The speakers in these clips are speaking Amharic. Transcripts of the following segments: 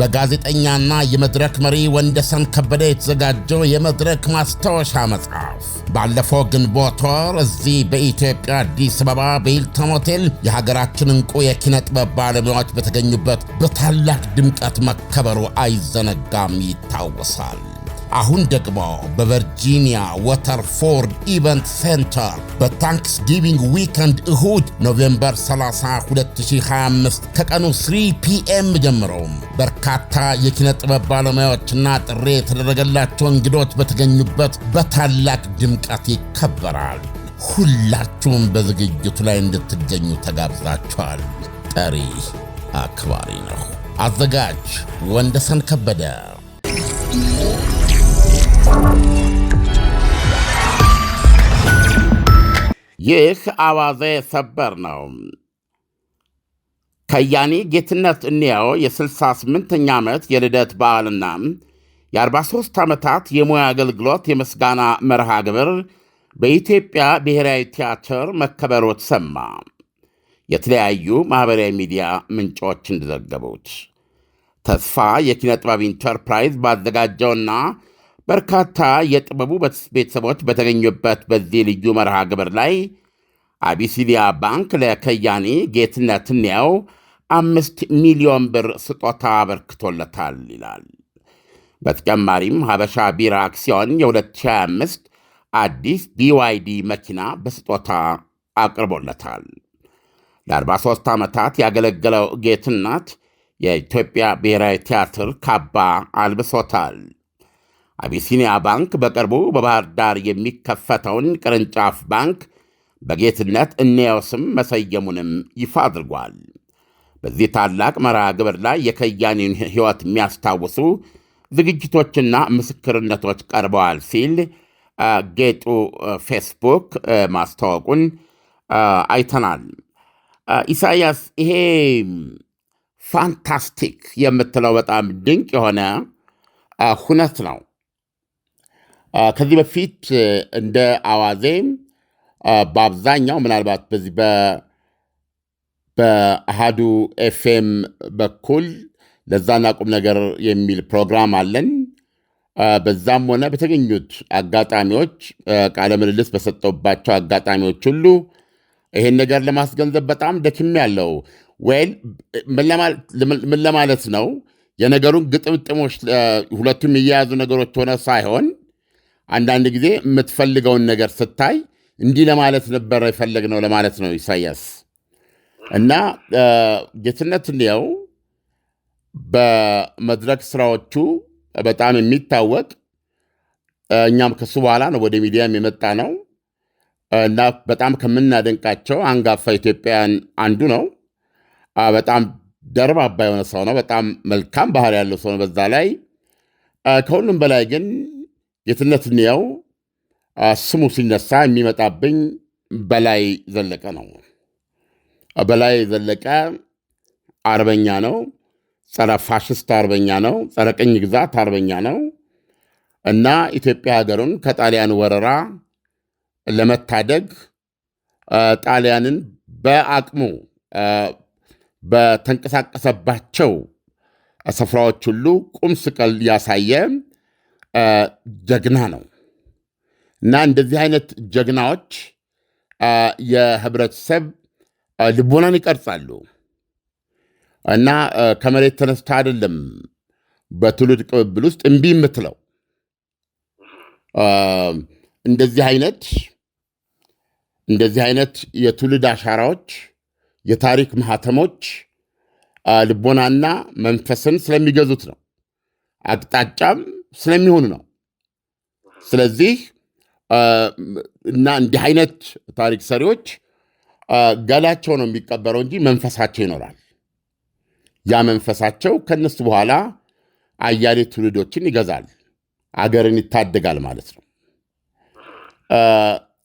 በጋዜጠኛና የመድረክ መሪ ወንደሰን ከበደ የተዘጋጀው የመድረክ ማስታወሻ መጽሐፍ ባለፈው ግንቦት ወር እዚህ በኢትዮጵያ አዲስ አበባ በሂልተን ሆቴል የሀገራችን እንቁ የኪነ ጥበብ ባለሙያዎች በተገኙበት በታላቅ ድምቀት መከበሩ አይዘነጋም፣ ይታወሳል። አሁን ደግሞ በቨርጂኒያ ወተርፎርድ ኢቨንት ሴንተር በታንክስጊቪንግ ዊከንድ እሁድ ኖቬምበር 30 2025 ከቀኑ 3 ፒኤም ጀምሮ በርካታ የኪነ ጥበብ ባለሙያዎችና ጥሪ የተደረገላቸው እንግዶች በተገኙበት በታላቅ ድምቀት ይከበራል። ሁላችሁም በዝግጅቱ ላይ እንድትገኙ ተጋብዛችኋል። ጠሪ አክባሪ ነው። አዘጋጅ ወንደሰን ከበደ ይህ አዋዜ ሰበር ነው። ከያኒ ጌትነት እንየው የ68ኛ ዓመት የልደት በዓልና የ43 ዓመታት የሙያ አገልግሎት የምስጋና መርሃ ግብር በኢትዮጵያ ብሔራዊ ቲያትር መከበሩ ተሰማ። የተለያዩ ማኅበራዊ ሚዲያ ምንጮች እንደዘገቡት ተስፋ የኪነ ጥበብ ኢንተርፕራይዝ ባዘጋጀውና በርካታ የጥበቡ ቤተሰቦች በተገኙበት በዚህ ልዩ መርሃ ግብር ላይ አቢሲኒያ ባንክ ለከያኒ ጌትነት እንየው አምስት ሚሊዮን ብር ስጦታ አበርክቶለታል ይላል። በተጨማሪም ሀበሻ ቢራ አክሲዮን የ2025 አዲስ ቢዋይዲ መኪና በስጦታ አቅርቦለታል። ለ43 ዓመታት ያገለገለው ጌትነት የኢትዮጵያ ብሔራዊ ቲያትር ካባ አልብሶታል። አቢሲኒያ ባንክ በቅርቡ በባህር ዳር የሚከፈተውን ቅርንጫፍ ባንክ በጌትነት እንየው ስም መሰየሙንም ይፋ አድርጓል። በዚህ ታላቅ መርሃ ግብር ላይ የከያኒን ሕይወት የሚያስታውሱ ዝግጅቶችና ምስክርነቶች ቀርበዋል ሲል ጌጡ ፌስቡክ ማስታወቁን አይተናል። ኢሳያስ፣ ይሄ ፋንታስቲክ የምትለው በጣም ድንቅ የሆነ ሁነት ነው። ከዚህ በፊት እንደ አዋዜ በአብዛኛው ምናልባት በዚህ በአሃዱ ኤፍኤም በኩል ለዛና ቁም ነገር የሚል ፕሮግራም አለን። በዛም ሆነ በተገኙት አጋጣሚዎች ቃለ ምልልስ በሰጠውባቸው አጋጣሚዎች ሁሉ ይሄን ነገር ለማስገንዘብ በጣም ደክም ያለው ወይም ምን ለማለት ነው የነገሩን ግጥምጥሞች ሁለቱም የሚያያዙ ነገሮች ሆነ ሳይሆን አንዳንድ ጊዜ የምትፈልገውን ነገር ስታይ እንዲህ ለማለት ነበረ የፈለግነው ለማለት ነው ኢሳያስ እና ጌትነት እንዲያው በመድረክ ስራዎቹ በጣም የሚታወቅ እኛም ከሱ በኋላ ነው ወደ ሚዲያም የመጣ ነው እና በጣም ከምናደንቃቸው አንጋፋ ኢትዮጵያውያን አንዱ ነው። በጣም ደርባባ የሆነ ሰው ነው። በጣም መልካም ባህር ያለው ሰው ነው። በዛ ላይ ከሁሉም በላይ ግን የትነት ስሙ ሲነሳ የሚመጣብኝ በላይ ዘለቀ ነው። በላይ ዘለቀ አርበኛ ነው። ጸረ ፋሽስት አርበኛ ነው። ጸረ ቅኝ ግዛት አርበኛ ነው እና ኢትዮጵያ ሀገሩን ከጣሊያን ወረራ ለመታደግ ጣሊያንን በአቅሙ በተንቀሳቀሰባቸው ስፍራዎች ሁሉ ቁም ስቅል ያሳየ ጀግና ነው እና እንደዚህ አይነት ጀግናዎች የህብረተሰብ ልቦናን ይቀርጻሉ እና ከመሬት ተነስተ አይደለም በትውልድ ቅብብል ውስጥ እምቢ የምትለው እንደዚህ አይነት እንደዚህ አይነት የትውልድ አሻራዎች የታሪክ ማህተሞች ልቦናና መንፈስን ስለሚገዙት ነው አቅጣጫም ስለሚሆኑ ነው። ስለዚህ እና እንዲህ አይነት ታሪክ ሰሪዎች ገላቸው ነው የሚቀበረው እንጂ መንፈሳቸው ይኖራል። ያ መንፈሳቸው ከነሱ በኋላ አያሌ ትውልዶችን ይገዛል፣ አገርን ይታደጋል ማለት ነው።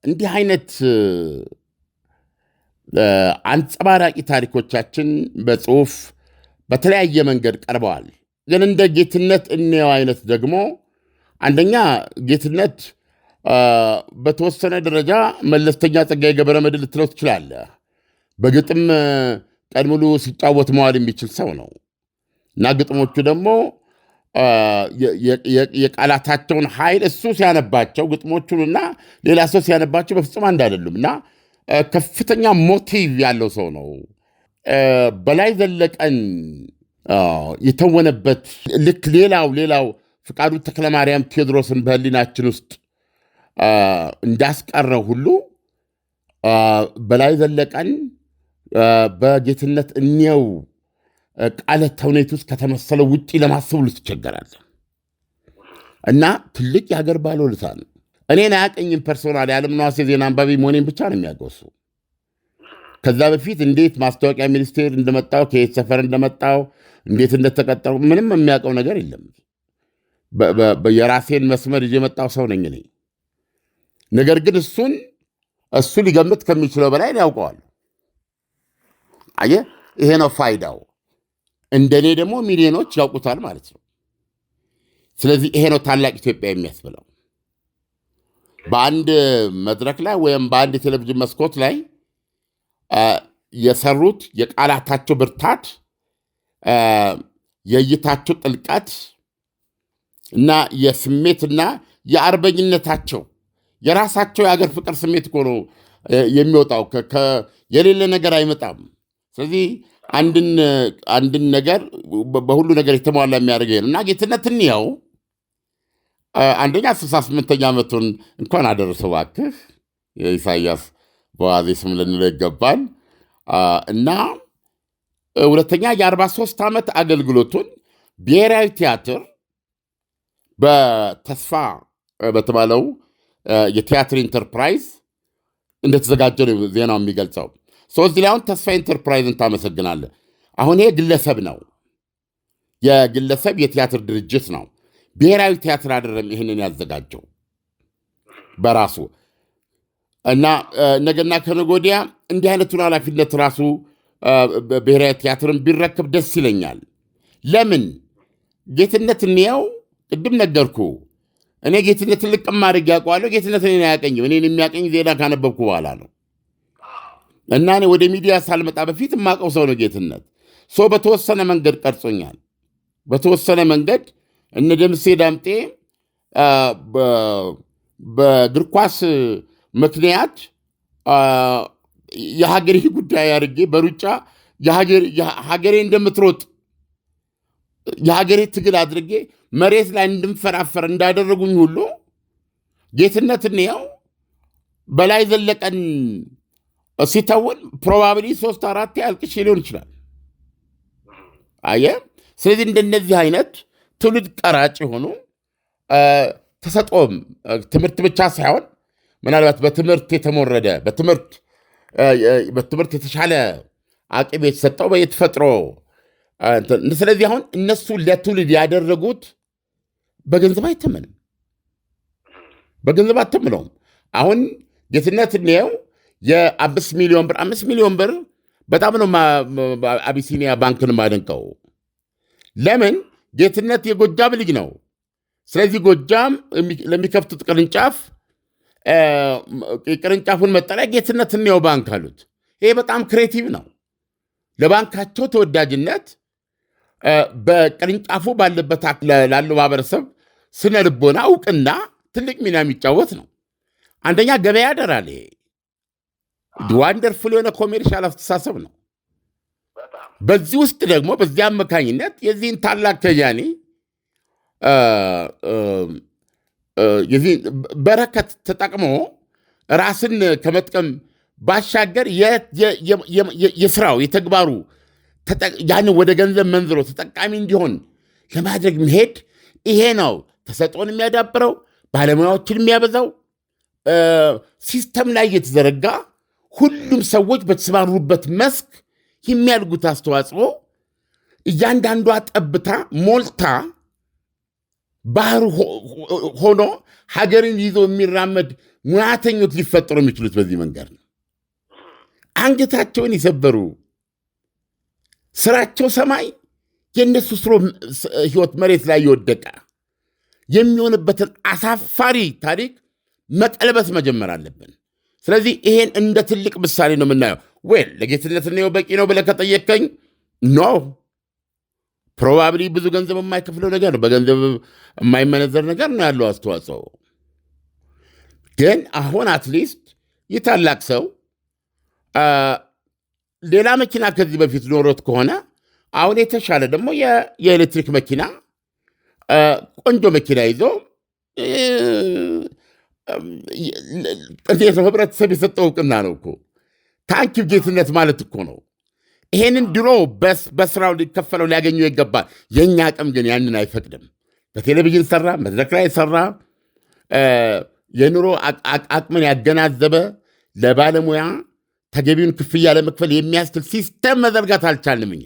እንዲህ አይነት አንጸባራቂ ታሪኮቻችን በጽሁፍ በተለያየ መንገድ ቀርበዋል። ግን እንደ ጌትነት እንየው አይነት ደግሞ አንደኛ ጌትነት በተወሰነ ደረጃ መለስተኛ ጸጋዬ ገብረ መድኅን ልትለው ትችላለህ። በግጥም ቀን ሙሉ ሲጫወት መዋል የሚችል ሰው ነው እና ግጥሞቹ ደግሞ የቃላታቸውን ኃይል እሱ ሲያነባቸው እና ሌላ ሰው ሲያነባቸው በፍጹም አንድ አይደሉም እና ከፍተኛ ሞቲቭ ያለው ሰው ነው። በላይ ዘለቀን የተወነበት ልክ ሌላው ሌላው ፍቃዱ ተክለማርያም ቴዎድሮስን በህሊናችን ውስጥ እንዳስቀረው ሁሉ በላይ ዘለቀን በጌትነት እኒየው ቃለ ተውኔት ውስጥ ከተመሰለው ውጪ ለማሰብ ሁሉ እና ትልቅ የሀገር ባለውለታ ነው። እኔን አያቀኝም። ፐርሶናል የዓለም ነዋሴ ዜና አንባቢ መሆኔን ብቻ ነው የሚያገሱ። ከዛ በፊት እንዴት ማስታወቂያ ሚኒስቴር እንደመጣው ከየት ሰፈር እንደመጣው እንዴት እንደተቀጠሩ ምንም የሚያውቀው ነገር የለም። የራሴን መስመር ይዤ የመጣው ሰው ነኝ እኔ። ነገር ግን እሱን እሱ ሊገምት ከሚችለው በላይ ያውቀዋል። አየህ፣ ይሄ ነው ፋይዳው። እንደኔ ደግሞ ሚሊዮኖች ያውቁታል ማለት ነው። ስለዚህ ይሄ ነው ታላቅ ኢትዮጵያ የሚያስብለው። በአንድ መድረክ ላይ ወይም በአንድ የቴሌቪዥን መስኮት ላይ የሰሩት የቃላታቸው ብርታት የእይታቸው ጥልቀት እና የስሜትና የአርበኝነታቸው የራሳቸው የአገር ፍቅር ስሜት እኮ ነው የሚወጣው። የሌለ ነገር አይመጣም። ስለዚህ አንድን ነገር በሁሉ ነገር የተሟላ የሚያደርገ እና ጌትነት እንየው አንደኛ ስልሳ ስምንተኛ ዓመቱን እንኳን አደረሰው እባክህ የኢሳያስ በዋዜ ስም ልንለው ይገባል እና ሁለተኛ የ43 ዓመት አገልግሎቱን ብሔራዊ ቲያትር በተስፋ በተባለው የቲያትር ኢንተርፕራይዝ እንደተዘጋጀ ነው ዜናው የሚገልጸው። እዚህ ላይ አሁን ተስፋ ኢንተርፕራይዝን ታመሰግናለህ። አሁን ይሄ ግለሰብ ነው፣ የግለሰብ የቲያትር ድርጅት ነው። ብሔራዊ ቲያትር አደረም ይህንን ያዘጋጀው በራሱ እና ነገና ከነገ ወዲያ እንዲህ አይነቱን ኃላፊነት ራሱ ብሔራዊ ቲያትርን ቢረክብ ደስ ይለኛል። ለምን ጌትነት እንየው፣ ቅድም ነገርኩ። እኔ ጌትነትን ልቅም ማድረግ ያውቀዋለሁ። ጌትነት እኔን አያቀኝም። እኔን የሚያቀኝ ዜና ካነበብኩ በኋላ ነው። እና እኔ ወደ ሚዲያ ሳልመጣ በፊት የማውቀው ሰው ነው ጌትነት። ሰው በተወሰነ መንገድ ቀርጾኛል። በተወሰነ መንገድ እነ ደምሴ ዳምጤ በእግር ኳስ ምክንያት የሀገሬ ጉዳይ አድርጌ በሩጫ ሀገሬ እንደምትሮጥ የሀገሬ ትግል አድርጌ መሬት ላይ እንድንፈራፈር እንዳደረጉኝ ሁሉ ጌትነት እንየው በላይ ዘለቀን ሲተውን ፕሮባብሊ ሶስት አራት ያልቅሽ ሊሆን ይችላል። አየ ስለዚህ እንደነዚህ አይነት ትውልድ ቀራጭ የሆኑ ተሰጦም ትምህርት ብቻ ሳይሆን ምናልባት በትምህርት የተሞረደ በትምህርት በትምህርት የተሻለ አቅም የተሰጠው በየተፈጥሮ ስለዚህ አሁን እነሱ ለትውልድ ያደረጉት በገንዘብ አይተመንም፣ በገንዘብ አተምነውም። አሁን ጌትነት እንየው የአምስት ሚሊዮን ብር አምስት ሚሊዮን ብር በጣም ነው አቢሲኒያ ባንክን ማደንቀው። ለምን ጌትነት የጎጃም ልጅ ነው። ስለዚህ ጎጃም ለሚከፍቱት ቅርንጫፍ የቅርንጫፉን መጠሪያ ጌትነት እንየው ባንክ አሉት። ይሄ በጣም ክሬቲቭ ነው። ለባንካቸው ተወዳጅነት በቅርንጫፉ ባለበት ላለው ማህበረሰብ ስነ ልቦና እውቅና ትልቅ ሚና የሚጫወት ነው። አንደኛ ገበያ ያደራል። ይሄ ዋንደርፉል የሆነ ኮሜርሻል አስተሳሰብ ነው። በዚህ ውስጥ ደግሞ በዚህ አመካኝነት የዚህን ታላቅ ከያኔ የዚህ በረከት ተጠቅሞ ራስን ከመጥቀም ባሻገር የስራው የተግባሩ ያን ወደ ገንዘብ መንዝሮ ተጠቃሚ እንዲሆን ለማድረግ መሄድ ይሄ ነው ተሰጦን የሚያዳብረው ባለሙያዎችን የሚያበዛው ሲስተም ላይ እየተዘረጋ ሁሉም ሰዎች በተሰማሩበት መስክ የሚያድጉት አስተዋጽኦ እያንዳንዷ ጠብታ ሞልታ ባህር ሆኖ ሀገርን ይዞ የሚራመድ ሙያተኞች ሊፈጠሩ የሚችሉት በዚህ መንገድ ነው። አንገታቸውን የሰበሩ ስራቸው ሰማይ የእነሱ ስሮ ህይወት መሬት ላይ የወደቀ የሚሆንበትን አሳፋሪ ታሪክ መቀልበስ መጀመር አለብን። ስለዚህ ይሄን እንደ ትልቅ ምሳሌ ነው የምናየው። ወይ ለጌትነት ነው በቂ ነው ብለህ ከጠየቀኝ ኖ ፕሮባብሊ ብዙ ገንዘብ የማይከፍለው ነገር ነው። በገንዘብ የማይመነዘር ነገር ነው ያለው አስተዋጽኦ። ግን አሁን አትሊስት ይህ ታላቅ ሰው ሌላ መኪና ከዚህ በፊት ኖሮት ከሆነ አሁን የተሻለ ደግሞ የኤሌክትሪክ መኪና ቆንጆ መኪና ይዞ እንዴት ነው ህብረተሰብ የሰጠው እውቅና ነው እኮ ታንኪ ጌትነት ማለት እኮ ነው። ይሄንን ድሮ በስራው ሊከፈለው ሊያገኙ ይገባል። የእኛ አቅም ግን ያንን አይፈቅድም። በቴሌቪዥን ሰራ፣ መድረክ ላይ ሰራ፣ የኑሮ አቅምን ያገናዘበ ለባለሙያ ተገቢውን ክፍያ ለመክፈል የሚያስችል ሲስተም መዘርጋት አልቻልንም። እኛ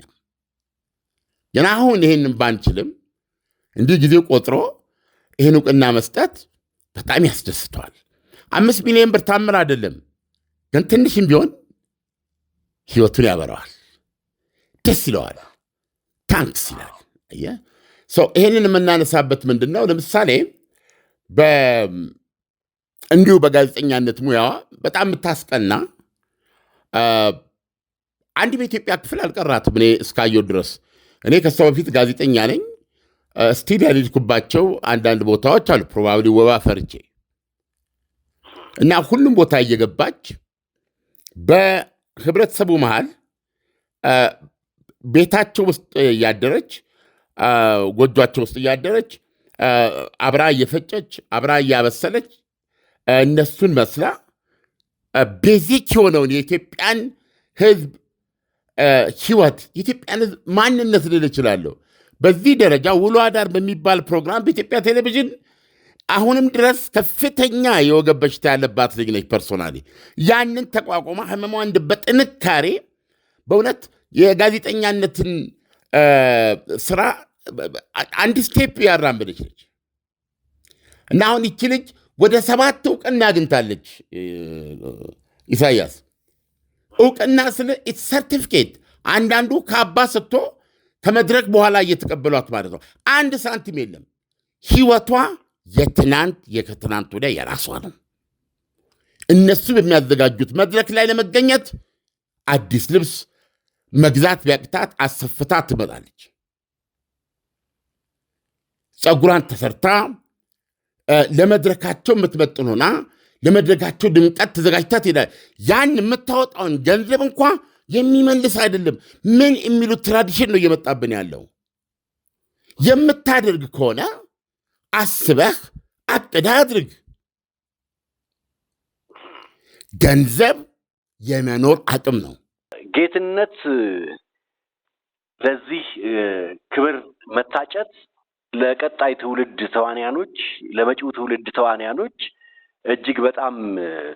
ግን አሁን ይህንን ባንችልም እንዲህ ጊዜ ቆጥሮ ይህን እውቅና መስጠት በጣም ያስደስተዋል። አምስት ሚሊዮን ብር ታምር አይደለም፣ ግን ትንሽም ቢሆን ህይወቱን ያበረዋል። ደስ ይለዋል፣ ታንክስ ይላል። ይህንን የምናነሳበት ምንድን ነው? ለምሳሌ እንዲሁ በጋዜጠኛነት ሙያዋ በጣም የምታስቀና አንድ በኢትዮጵያ ክፍል አልቀራትም። እኔ እስካየሁ ድረስ እኔ ከሷ በፊት ጋዜጠኛ ነኝ። ስቲል ያልሄድኩባቸው አንዳንድ ቦታዎች አሉ። ፕሮባብሊ ወባ ፈርቼ እና ሁሉም ቦታ እየገባች በህብረተሰቡ መሃል ቤታቸው ውስጥ እያደረች ጎጇቸው ውስጥ እያደረች አብራ እየፈጨች አብራ እያበሰለች እነሱን መስላ ቤዚክ የሆነውን የኢትዮጵያን ሕዝብ ህይወት የኢትዮጵያን ሕዝብ ማንነት ልል እችላለሁ። በዚህ ደረጃ ውሎ አዳር በሚባል ፕሮግራም በኢትዮጵያ ቴሌቪዥን አሁንም ድረስ ከፍተኛ የወገብ በሽታ ያለባት ልጅ ነች። ፐርሶናሊ ያንን ተቋቁማ ህመሟ በጥንካሬ በእውነት የጋዜጠኛነትን ስራ አንድ ስቴፕ ያራምደች ነች እና አሁን ይቺ ልጅ ወደ ሰባት እውቅና አግኝታለች። ኢሳያስ እውቅና ስለ ሰርቲፊኬት አንዳንዱ ከአባ ሰጥቶ ከመድረክ በኋላ እየተቀበሏት ማለት ነው። አንድ ሳንቲም የለም። ህይወቷ የትናንት የከትናንት ወዲያ የራሷ ነው። እነሱ በሚያዘጋጁት መድረክ ላይ ለመገኘት አዲስ ልብስ መግዛት ቢያቅታት አሰፍታ ትበላለች። ፀጉሯን ተሰርታ ለመድረካቸው የምትመጥኑና ለመድረካቸው ድምቀት ተዘጋጅታ ትሄዳለች። ያን የምታወጣውን ገንዘብ እንኳ የሚመልስ አይደለም። ምን የሚሉት ትራዲሽን ነው እየመጣብን ያለው። የምታደርግ ከሆነ አስበህ አቅዳ አድርግ። ገንዘብ የመኖር አቅም ነው። ጌትነት ለዚህ ክብር መታጨት ለቀጣይ ትውልድ ተዋንያኖች ለመጪው ትውልድ ተዋንያኖች እጅግ በጣም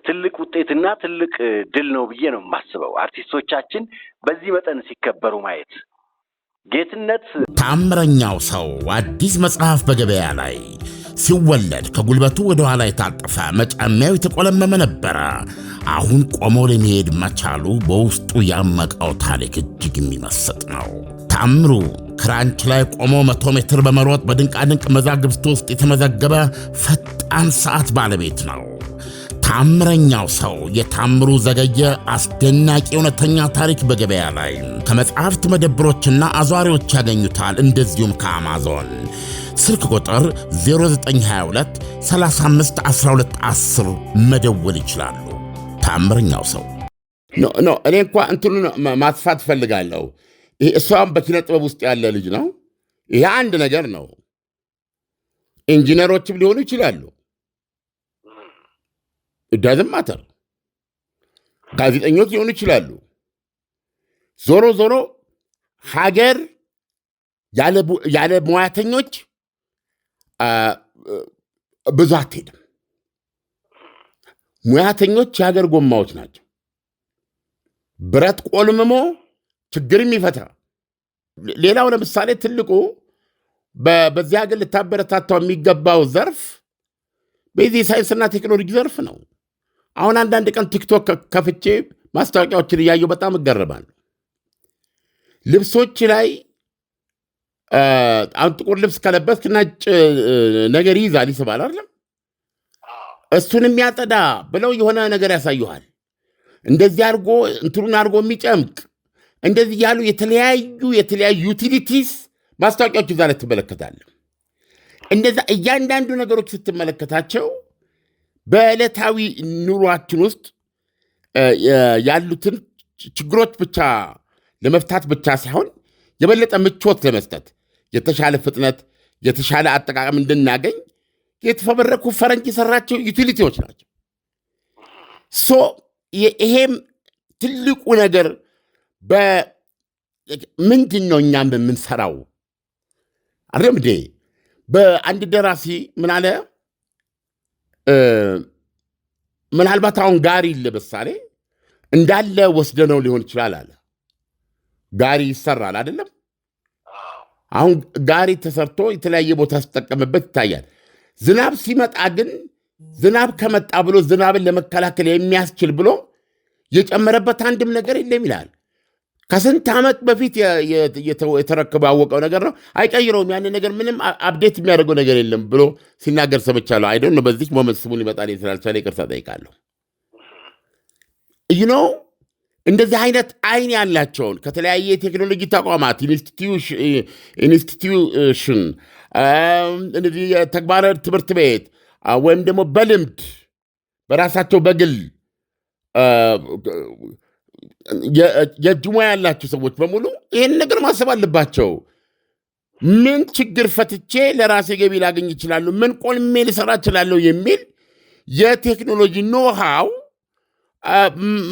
ትልቅ ውጤትና ትልቅ ድል ነው ብዬ ነው የማስበው። አርቲስቶቻችን በዚህ መጠን ሲከበሩ ማየት ጌትነት ታምረኛው ሰው አዲስ መጽሐፍ በገበያ ላይ ሲወለድ ከጉልበቱ ወደ ኋላ የታጠፈ መጫሚያው የተቆለመመ ነበረ። አሁን ቆሞ ለመሄድ መቻሉ በውስጡ ያመቃው ታሪክ እጅግ የሚመስጥ ነው። ታምሩ ክራንች ላይ ቆሞ መቶ ሜትር በመሮጥ በድንቃድንቅ መዛግብት ውስጥ የተመዘገበ ፈጣን ሰዓት ባለቤት ነው። ታምረኛው ሰው የታምሩ ዘገየ አስደናቂ እውነተኛ ታሪክ በገበያ ላይ ከመጽሐፍት መደብሮችና አዟሪዎች ያገኙታል። እንደዚሁም ከአማዞን ስልክ ቁጥር 0922 35 12 10 መደወል ይችላሉ። ተአምረኛው ሰው ኖ እኔ እንኳ እንትኑ ማስፋት እፈልጋለሁ። ይሄ እሷም በኪነ ጥበብ ውስጥ ያለ ልጅ ነው። ይህ አንድ ነገር ነው። ኢንጂነሮችም ሊሆኑ ይችላሉ። ዳዝም ማተር ጋዜጠኞች ሊሆኑ ይችላሉ። ዞሮ ዞሮ ሀገር ያለ ሙያተኞች ብዙ አትሄድም። ሙያተኞች የሀገር ጎማዎች ናቸው። ብረት ቆልምሞ ችግር የሚፈታ ሌላው ለምሳሌ ትልቁ በዚህ ሀገር ልታበረታታው የሚገባው ዘርፍ በዚህ የሳይንስና ቴክኖሎጂ ዘርፍ ነው። አሁን አንዳንድ ቀን ቲክቶክ ከፍቼ ማስታወቂያዎችን እያየሁ በጣም እገረማለሁ። ልብሶች ላይ አሁን ጥቁር ልብስ ከለበስክ ነጭ ነገር ይይዛል ይስባል አይደለም? እሱን የሚያጸዳ ብለው የሆነ ነገር ያሳዩሃል። እንደዚህ አድርጎ እንትኑን አድርጎ የሚጨምቅ እንደዚህ ያሉ የተለያዩ የተለያዩ ዩቲሊቲስ ማስታወቂያዎች እዛ ላይ ትመለከታለህ። እንደዛ እያንዳንዱ ነገሮች ስትመለከታቸው በዕለታዊ ኑሯችን ውስጥ ያሉትን ችግሮች ብቻ ለመፍታት ብቻ ሳይሆን የበለጠ ምቾት ለመስጠት የተሻለ ፍጥነት፣ የተሻለ አጠቃቀም እንድናገኝ የተፈበረኩ ፈረንጅ የሰራቸው ዩቲሊቲዎች ናቸው። ሶ ይሄም ትልቁ ነገር በምንድን ነው? እኛም የምንሰራው አለም እንዴ። በአንድ ደራሲ ምን አለ? ምናልባት አሁን ጋሪ ለምሳሌ እንዳለ ወስደነው ሊሆን ይችላል አለ። ጋሪ ይሰራል አይደለም አሁን ጋሪ ተሰርቶ የተለያየ ቦታ ሲጠቀምበት ይታያል። ዝናብ ሲመጣ ግን ዝናብ ከመጣ ብሎ ዝናብን ለመከላከል የሚያስችል ብሎ የጨመረበት አንድም ነገር የለም ይላል። ከስንት ዓመት በፊት የተረከበ ያወቀው ነገር ነው። አይቀይረውም። ያን ነገር ምንም አፕዴት የሚያደርገው ነገር የለም ብሎ ሲናገር ሰምቻለሁ። አይደ ነው በዚህ ሞመንት ስሙን ይመጣል ስላልቻለ ይቅርታ ጠይቃለሁ። ይህ ነው እንደዚህ አይነት አይን ያላቸውን ከተለያየ የቴክኖሎጂ ተቋማት ኢንስቲትዩሽን እነዚህ የተግባረ ትምህርት ቤት ወይም ደግሞ በልምድ በራሳቸው በግል የእጅ ሙያ ያላቸው ሰዎች በሙሉ ይህን ነገር ማሰብ አለባቸው። ምን ችግር ፈትቼ ለራሴ ገቢ ላገኝ ይችላሉ? ምን ቆልሜ ልሰራ እችላለሁ? የሚል የቴክኖሎጂ ኖሃው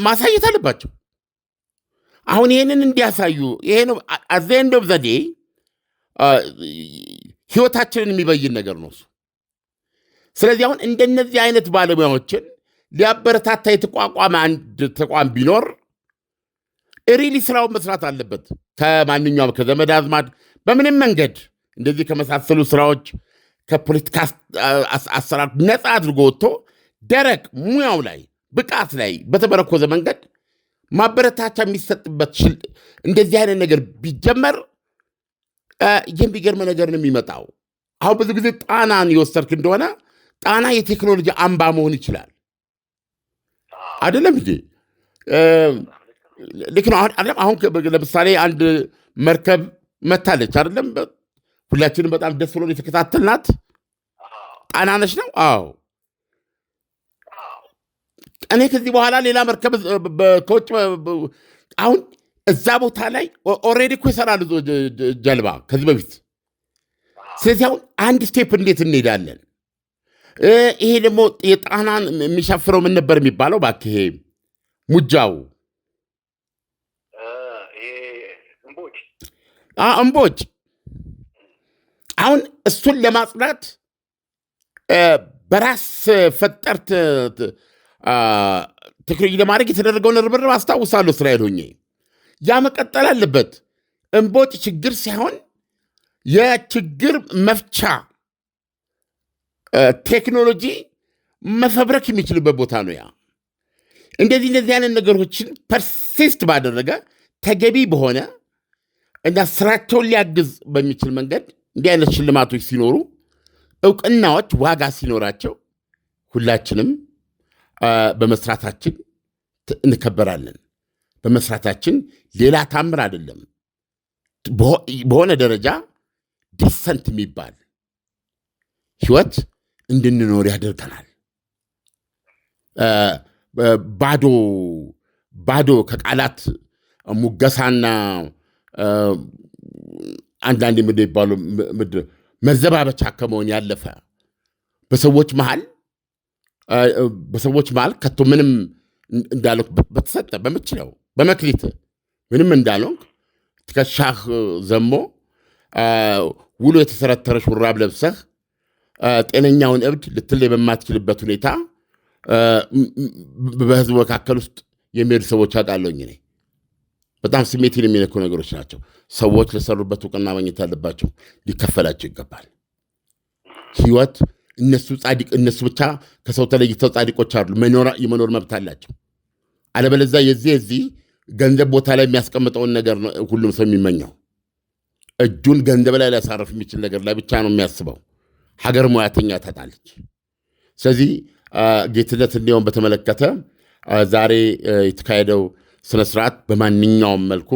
ማሳየት አለባቸው። አሁን ይህንን እንዲያሳዩ ይሄ ኦፍ ዘዴ uh, ህይወታችንን የሚበይን ነገር ነው እሱ። ስለዚህ አሁን እንደነዚህ አይነት ባለሙያዎችን ሊያበረታታ የተቋቋመ አንድ ተቋም ቢኖር ሪሊ ስራውን መስራት አለበት። ከማንኛውም ከዘመድ አዝማድ በምንም መንገድ እንደዚህ ከመሳሰሉ ስራዎች ከፖለቲካ አሰራር ነፃ አድርጎ ወጥቶ ደረቅ ሙያው ላይ ብቃት ላይ በተመረኮዘ መንገድ ማበረታቻ የሚሰጥበት እንደዚህ አይነት ነገር ቢጀመር የሚገርም ነገር ነው የሚመጣው። አሁን ብዙ ጊዜ ጣናን የወሰድክ እንደሆነ ጣና የቴክኖሎጂ አምባ መሆን ይችላል። አይደለም እንጂ ልክ ነው። አሁን ለምሳሌ አንድ መርከብ መታለች አይደለም። ሁላችንም በጣም ደስ ብሎን የተከታተልናት ጣናነች ነው። አዎ እኔ ከዚህ በኋላ ሌላ መርከብ ከውጭ አሁን እዛ ቦታ ላይ ኦልሬዲ እኮ ይሰራሉ ጀልባ ከዚህ በፊት። ስለዚህ አሁን አንድ ስቴፕ እንዴት እንሄዳለን? ይሄ ደግሞ የጣናን የሚሸፍረው ምን ነበር የሚባለው? እባክህ ይሄ ሙጃው እምቦጭ። አሁን እሱን ለማጽዳት በራስ ፈጠርት ትኩሪ ለማድረግ የተደረገውን ርብርብ አስታውሳለሁ። እስራኤል ሆኜ ያ መቀጠል አለበት። እምቦጭ ችግር ሳይሆን የችግር መፍቻ ቴክኖሎጂ መፈብረክ የሚችልበት ቦታ ነው። ያ እንደዚህ እንደዚህ አይነት ነገሮችን ፐርሲስት ባደረገ ተገቢ በሆነ እና ስራቸውን ሊያግዝ በሚችል መንገድ እንዲህ አይነት ሽልማቶች ሲኖሩ፣ እውቅናዎች ዋጋ ሲኖራቸው ሁላችንም በመስራታችን እንከበራለን። በመስራታችን ሌላ ታምር አይደለም። በሆነ ደረጃ ዲሰንት የሚባል ህይወት እንድንኖር ያደርገናል። ባዶ ባዶ ከቃላት ሙገሳና አንዳንድ ምድ ይባሉ መዘባበቻ ከመሆን ያለፈ በሰዎች መሃል በሰዎች መሃል ከቶ ምንም እንዳለ በተሰጠ በምችለው በመክሊት ምንም እንዳልሆንክ ትከሻህ ዘሞ ውሎ የተሰረተረ ሹራብ ለብሰህ ጤነኛውን እብድ ልትለይ በማትችልበት ሁኔታ በህዝቡ መካከል ውስጥ የሚሄዱ ሰዎች አውቃለሁ። እኔ በጣም ስሜትን የሚነኩ ነገሮች ናቸው። ሰዎች ለሰሩበት እውቅና ማግኘት ያለባቸው ሊከፈላቸው ይገባል። ህይወት እነሱ ጻድቅ እነሱ ብቻ ከሰው ተለይተው ጻድቆች አሉ የመኖር መብት አላቸው። አለበለዚያ የዚህ የዚህ ገንዘብ ቦታ ላይ የሚያስቀምጠውን ነገር ነው ሁሉም ሰው የሚመኘው። እጁን ገንዘብ ላይ ሊያሳርፍ የሚችል ነገር ላይ ብቻ ነው የሚያስበው። ሀገር ሙያተኛ ታጣለች። ስለዚህ ጌትነት እንዲሆን በተመለከተ ዛሬ የተካሄደው ስነስርዓት በማንኛውም መልኩ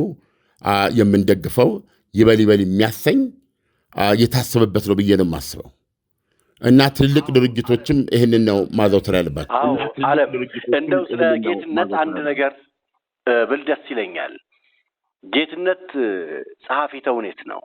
የምንደግፈው ይበል ይበል የሚያሰኝ የታሰበበት ነው ብዬ ነው የማስበው። እና ትልልቅ ድርጅቶችም ይህንን ነው ማዘውተር ያለባቸው። አለም እንደው ስለ ጌትነት አንድ ነገር ብል ደስ ይለኛል። ጌትነት ጸሐፊ ተውኔት ነው።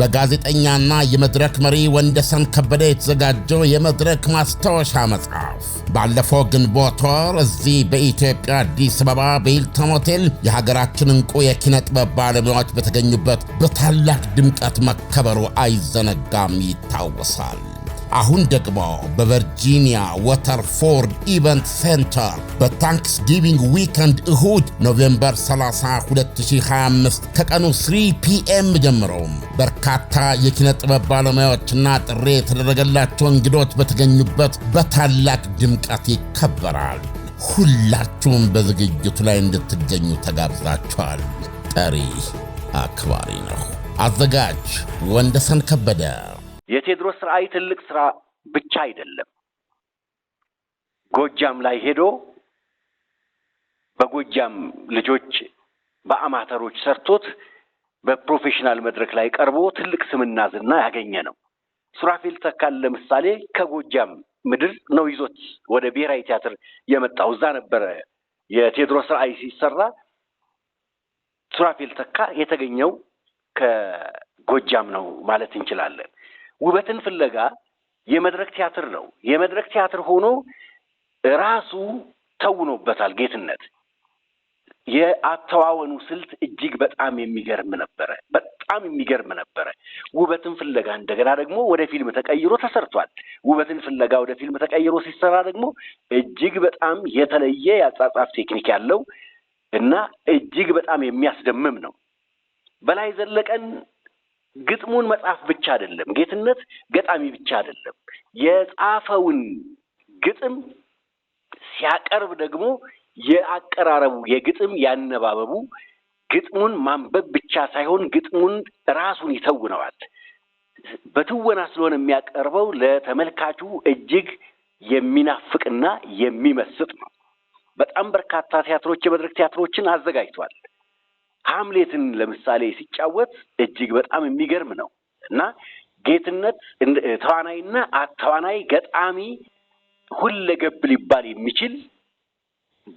በጋዜጠኛና የመድረክ መሪ ወንደሰን ከበደ የተዘጋጀው የመድረክ ማስታወሻ መጽሐፍ ባለፈው ግንቦት ወር እዚህ በኢትዮጵያ አዲስ አበባ በሂልተን ሆቴል የሀገራችን እንቁ የኪነ ጥበብ ባለሙያዎች በተገኙበት በታላቅ ድምቀት መከበሩ አይዘነጋም፣ ይታወሳል። አሁን ደግሞ በቨርጂኒያ ወተርፎርድ ኢቨንት ሴንተር በታንክስጊቪንግ ዊከንድ እሁድ ኖቬምበር 30 2025 ከቀኑ 3 ፒኤም ጀምሮ በርካታ የኪነ ጥበብ ባለሙያዎችና ጥሪ የተደረገላቸው እንግዶች በተገኙበት በታላቅ ድምቀት ይከበራል። ሁላችሁም በዝግጅቱ ላይ እንድትገኙ ተጋብዛችኋል። ጠሪ አክባሪ ነው። አዘጋጅ ወንደሰን ከበደ የቴዎድሮስ ራዕይ ትልቅ ስራ ብቻ አይደለም። ጎጃም ላይ ሄዶ በጎጃም ልጆች በአማተሮች ሰርቶት በፕሮፌሽናል መድረክ ላይ ቀርቦ ትልቅ ስምና ዝና ያገኘ ነው። ሱራፌል ተካል ለምሳሌ ከጎጃም ምድር ነው ይዞት ወደ ብሔራዊ ቲያትር የመጣው። እዛ ነበረ የቴዎድሮስ ራዕይ ሲሰራ ሱራፌል ተካ የተገኘው ከጎጃም ነው ማለት እንችላለን። ውበትን ፍለጋ የመድረክ ቲያትር ነው። የመድረክ ቲያትር ሆኖ ራሱ ተውኖበታል ጌትነት። የአተዋወኑ ስልት እጅግ በጣም የሚገርም ነበረ። በጣም የሚገርም ነበረ። ውበትን ፍለጋ እንደገና ደግሞ ወደ ፊልም ተቀይሮ ተሰርቷል። ውበትን ፍለጋ ወደ ፊልም ተቀይሮ ሲሰራ ደግሞ እጅግ በጣም የተለየ የአጻጻፍ ቴክኒክ ያለው እና እጅግ በጣም የሚያስደምም ነው። በላይ ዘለቀን ግጥሙን መጽሐፍ ብቻ አይደለም፣ ጌትነት ገጣሚ ብቻ አይደለም። የጻፈውን ግጥም ሲያቀርብ ደግሞ የአቀራረቡ የግጥም ያነባበቡ ግጥሙን ማንበብ ብቻ ሳይሆን ግጥሙን ራሱን ይተውነዋል። በትወና ስለሆነ የሚያቀርበው ለተመልካቹ እጅግ የሚናፍቅና የሚመስጥ ነው። በጣም በርካታ ቲያትሮች የመድረክ ቲያትሮችን አዘጋጅቷል። ሀምሌትን ለምሳሌ ሲጫወት እጅግ በጣም የሚገርም ነው እና ጌትነት ተዋናይና ተዋናይ ገጣሚ ሁለገብ ሊባል የሚችል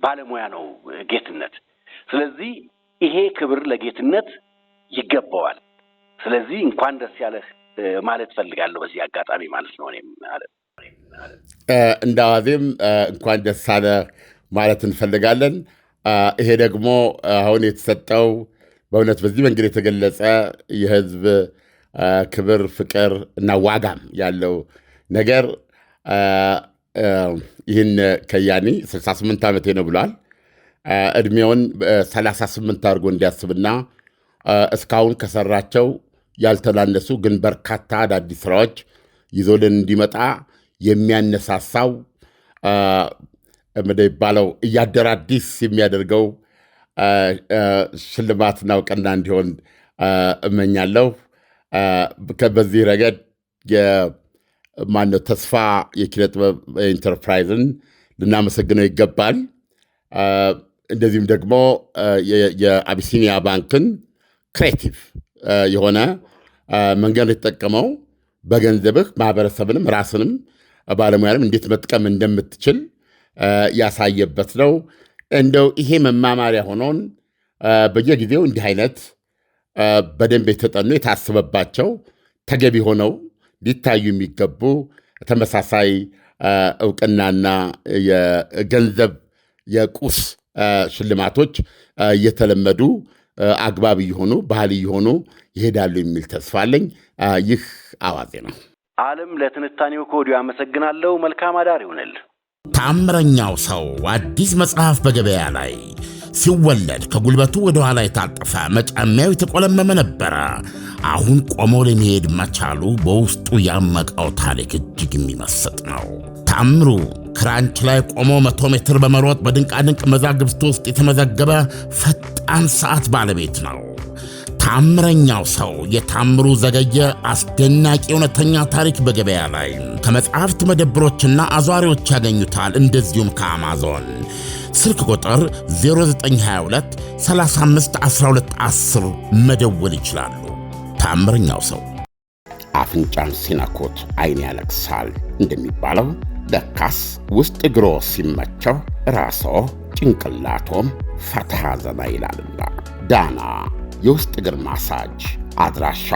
ባለሙያ ነው ጌትነት። ስለዚህ ይሄ ክብር ለጌትነት ይገባዋል። ስለዚህ እንኳን ደስ ያለህ ማለት ፈልጋለሁ በዚህ አጋጣሚ ማለት ነው። እኔም እንደ አዋዜም እንኳን ደስ አለ ማለት እንፈልጋለን። ይሄ ደግሞ አሁን የተሰጠው በእውነት በዚህ መንገድ የተገለጸ የህዝብ ክብር፣ ፍቅር እና ዋጋም ያለው ነገር ይህን ከያኒ 68 ዓመቴ ነው ብሏል። እድሜውን 38 አድርጎ እንዲያስብና እስካሁን ከሰራቸው ያልተናነሱ ግን በርካታ አዳዲስ ስራዎች ይዞልን እንዲመጣ የሚያነሳሳው የሚባለው እያደር አዲስ የሚያደርገው ሽልማትና እውቅና እንዲሆን እመኛለሁ። በዚህ ረገድ ማነው ተስፋ የኪነ ጥበብ ኢንተርፕራይዝን ልናመሰግነው ይገባል። እንደዚሁም ደግሞ የአቢሲኒያ ባንክን ክሬቲቭ የሆነ መንገድ የተጠቀመው በገንዘብህ ማህበረሰብንም ራስንም ባለሙያንም እንዴት መጥቀም እንደምትችል ያሳየበት ነው። እንደው ይሄ መማማሪያ ሆኖን በየጊዜው እንዲህ አይነት በደንብ የተጠኑ የታሰበባቸው ተገቢ ሆነው ሊታዩ የሚገቡ ተመሳሳይ እውቅናና የገንዘብ የቁስ ሽልማቶች እየተለመዱ አግባብ እየሆኑ ባህል እየሆኑ ይሄዳሉ የሚል ተስፋ አለኝ። ይህ አዋዜ ነው። ዓለም ለትንታኔው ከወዲሁ አመሰግናለሁ። መልካም አዳር ይሆነል። ታምረኛው ሰው አዲስ መጽሐፍ በገበያ ላይ ሲወለድ ከጉልበቱ ወደ ኋላ የታጠፈ መጫሚያው የተቆለመመ ነበረ። አሁን ቆሞ ለመሄድ መቻሉ በውስጡ ያመቀው ታሪክ እጅግ የሚመስጥ ነው። ታምሩ ክራንች ላይ ቆሞ መቶ ሜትር በመሮጥ በድንቃድንቅ መዛግብት ውስጥ የተመዘገበ ፈጣን ሰዓት ባለቤት ነው። ታምረኛው ሰው የታምሩ ዘገየ አስደናቂ እውነተኛ ታሪክ በገበያ ላይ ከመጽሐፍት መደብሮችና አዟሪዎች ያገኙታል። እንደዚሁም ከአማዞን ስልክ ቁጥር 0922 351210 መደወል ይችላሉ። ታምረኛው ሰው አፍንጫን ሲነኩት አይን ያለቅሳል እንደሚባለው ለካስ ውስጥ እግሮ ሲመቸው ራሶ ጭንቅላቶም ፈታ ዘና ይላልና ዳና የውስጥ እግር ማሳጅ አድራሻ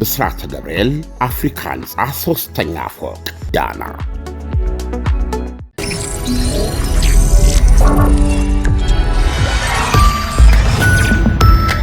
ብስራተ ገብርኤል አፍሪካ ህንፃ ሶስተኛ ፎቅ ዳና